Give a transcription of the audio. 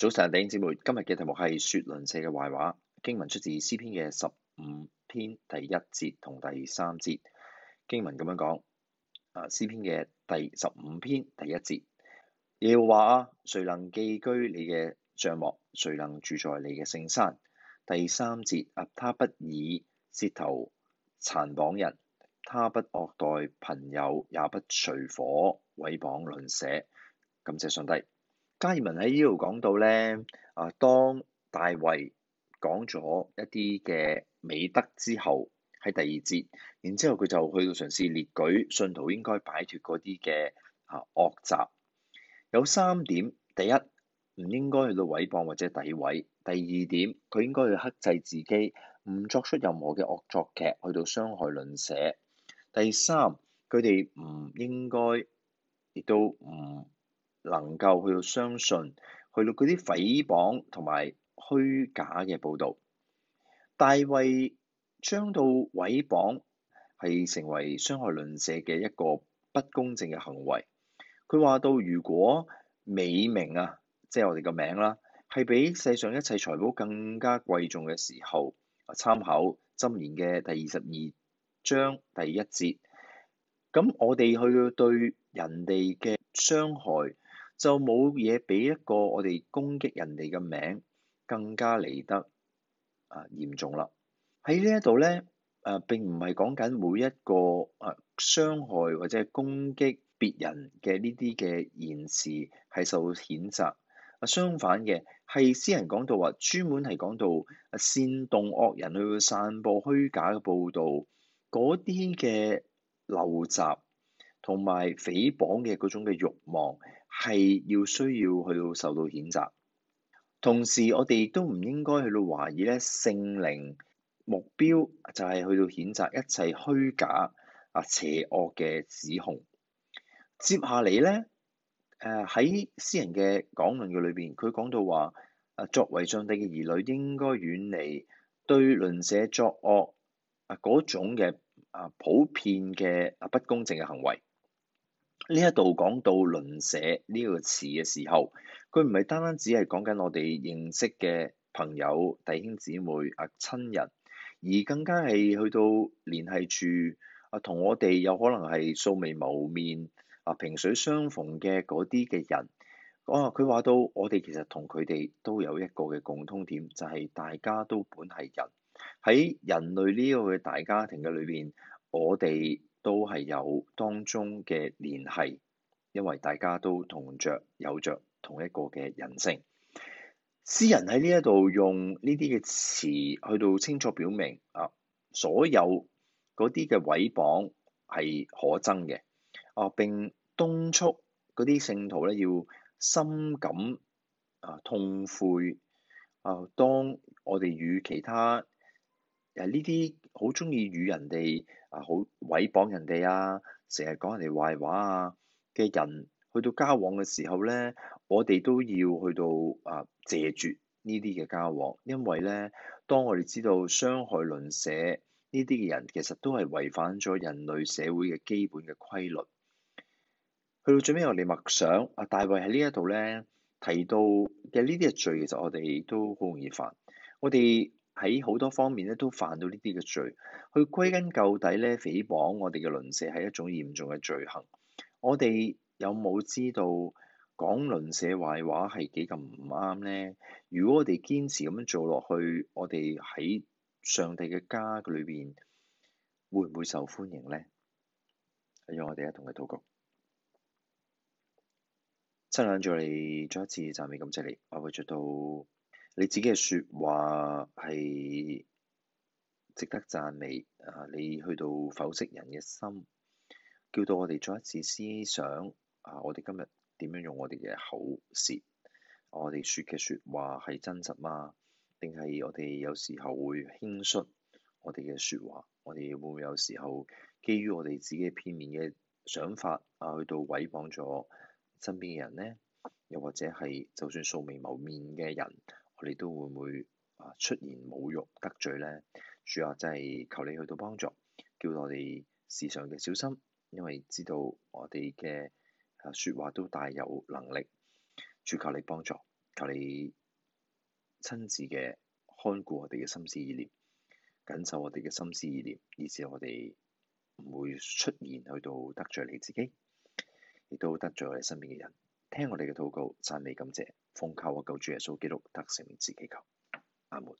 早晨，弟兄姊妹，今日嘅題目係說鄰舍嘅壞話。經文出自詩篇嘅十五篇第一節同第三節。經文咁樣講，啊，詩篇嘅第十五篇第一節，耶和華啊，誰能寄居你嘅帳幕？誰能住在你嘅聖山？第三節啊，他不以舌頭讒謗人，他不惡待朋友，也不隨夥毀謗鄰舍。」感謝上帝。加爾文喺呢度講到咧，啊，當大衛講咗一啲嘅美德之後，喺第二節，然之後佢就去到嘗試列舉信徒應該擺脱嗰啲嘅啊惡習。有三點：第一，唔應該去到毀謗或者詆毀；第二點，佢應該去克制自己，唔作出任何嘅惡作劇去到傷害鄰舍。第三，佢哋唔應該，亦都唔。嗯能夠去到相信，去到嗰啲誹謗同埋虛假嘅報導，大衛將到誹謗係成為傷害鄰舍嘅一個不公正嘅行為。佢話到，如果美名啊，即係我哋嘅名啦，係比世上一切財寶更加貴重嘅時候，參考《箴言》嘅第二十二章第一節。咁我哋去到對人哋嘅傷害。就冇嘢比一個我哋攻擊人哋嘅名更加嚟得啊嚴重啦！喺呢一度咧，誒並唔係講緊每一個誒傷害或者攻擊別人嘅呢啲嘅言辭係受譴責啊，相反嘅係私人講到話專門係講到啊煽動惡人去散播虛假嘅報導嗰啲嘅陋習。同埋誹謗嘅嗰種嘅慾望，係要需要去到受到譴責。同時，我哋都唔應該去到懷疑咧聖靈目標就係去到譴責一切虛假啊邪惡嘅指控。接下嚟咧，誒、啊、喺私人嘅講論嘅裏邊，佢講到話誒、啊、作為上帝嘅兒女，應該遠離對鄰舍作惡啊嗰種嘅啊普遍嘅啊不公正嘅行為。呢一度講到鄰舍呢個詞嘅時候，佢唔係單單只係講緊我哋認識嘅朋友、弟兄姊妹、啊親人，而更加係去到聯繫住啊同我哋有可能係素未謀面啊萍水相逢嘅嗰啲嘅人。啊，佢話到我哋其實同佢哋都有一個嘅共通點，就係大家都本係人喺人類呢個嘅大家庭嘅裏邊，我哋，都係有當中嘅聯繫，因為大家都同着，有着同一個嘅人性。詩人喺呢一度用呢啲嘅詞，去到清楚表明啊，所有嗰啲嘅毀謗係可憎嘅啊，並敦促嗰啲聖徒咧要深感啊痛悔啊。當我哋與其他誒呢啲好中意與人哋啊，好毀謗人哋啊，成日講人哋壞話啊嘅人，去到交往嘅時候咧，我哋都要去到啊謝絕呢啲嘅交往，因為咧，當我哋知道傷害鄰舍呢啲嘅人，其實都係違反咗人類社會嘅基本嘅規律。去到最尾我哋默想，阿大衛喺呢一度咧提到嘅呢啲嘅罪，其實我哋都好容易犯，我哋。喺好多方面咧都犯到呢啲嘅罪，去歸根究底咧，誹謗我哋嘅鄰舍係一種嚴重嘅罪行。我哋有冇知道講鄰舍壞話係幾咁唔啱咧？如果我哋堅持咁樣做落去，我哋喺上帝嘅家嘅裏邊會唔會受歡迎咧？讓我哋一同嘅禱告。親眼著嚟再一次讚美感謝你，我會做到。你自己嘅説話係值得讚美啊！你去到否識人嘅心，叫到我哋再一次思想啊！我哋今日點樣用我哋嘅口舌，我哋説嘅説話係真實嗎？定係我哋有時候會輕率我哋嘅説話，我哋會唔會有時候基於我哋自己片面嘅想法啊，去到毀謗咗身邊嘅人呢？又或者係就算素未謀面嘅人？你都會唔會啊，出現侮辱得罪咧？主啊，真係求你去到幫助，叫我哋時常嘅小心，因為知道我哋嘅誒説話都大有能力，主求你幫助，求你親自嘅看顧我哋嘅心思意念，緊守我哋嘅心思意念，以致我哋唔會出現去到得罪你自己，亦都得罪我哋身邊嘅人。聽我哋嘅禱告，讚美感謝，奉靠我救主耶穌基督得勝之名祈求，阿門。